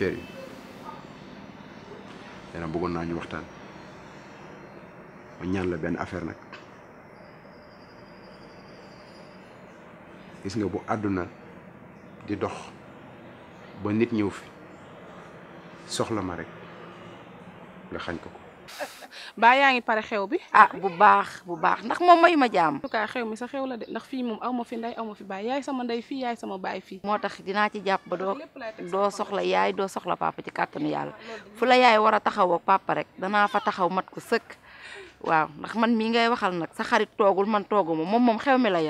cër yi bëggoon naa ñu waxtaan ma ñaan la benn affaire nag gis nga bu àdduna di dox ba nit ñëw fi soxla ma rek nga xañ ko ko baa yaa ngi pare xew bi. ah bu baax bu baax ndax moom mayu ma jaam. en xew mi sa xew la de ndax fii moom aw fi ndey aw fi baay yaay sama ndey fii yaay sama baay fii. moo tax dinaa ci jàpp ba doo doo soxla yaay doo soxla papa ci kàttanu ah, yàlla fu la yaay war a taxaw ak papa rek danaa fa taxaw mat ko sëkk waaw ndax man mii ngay waxal nag sa xarit toogul man tooguma moom moom xew mi la yoon.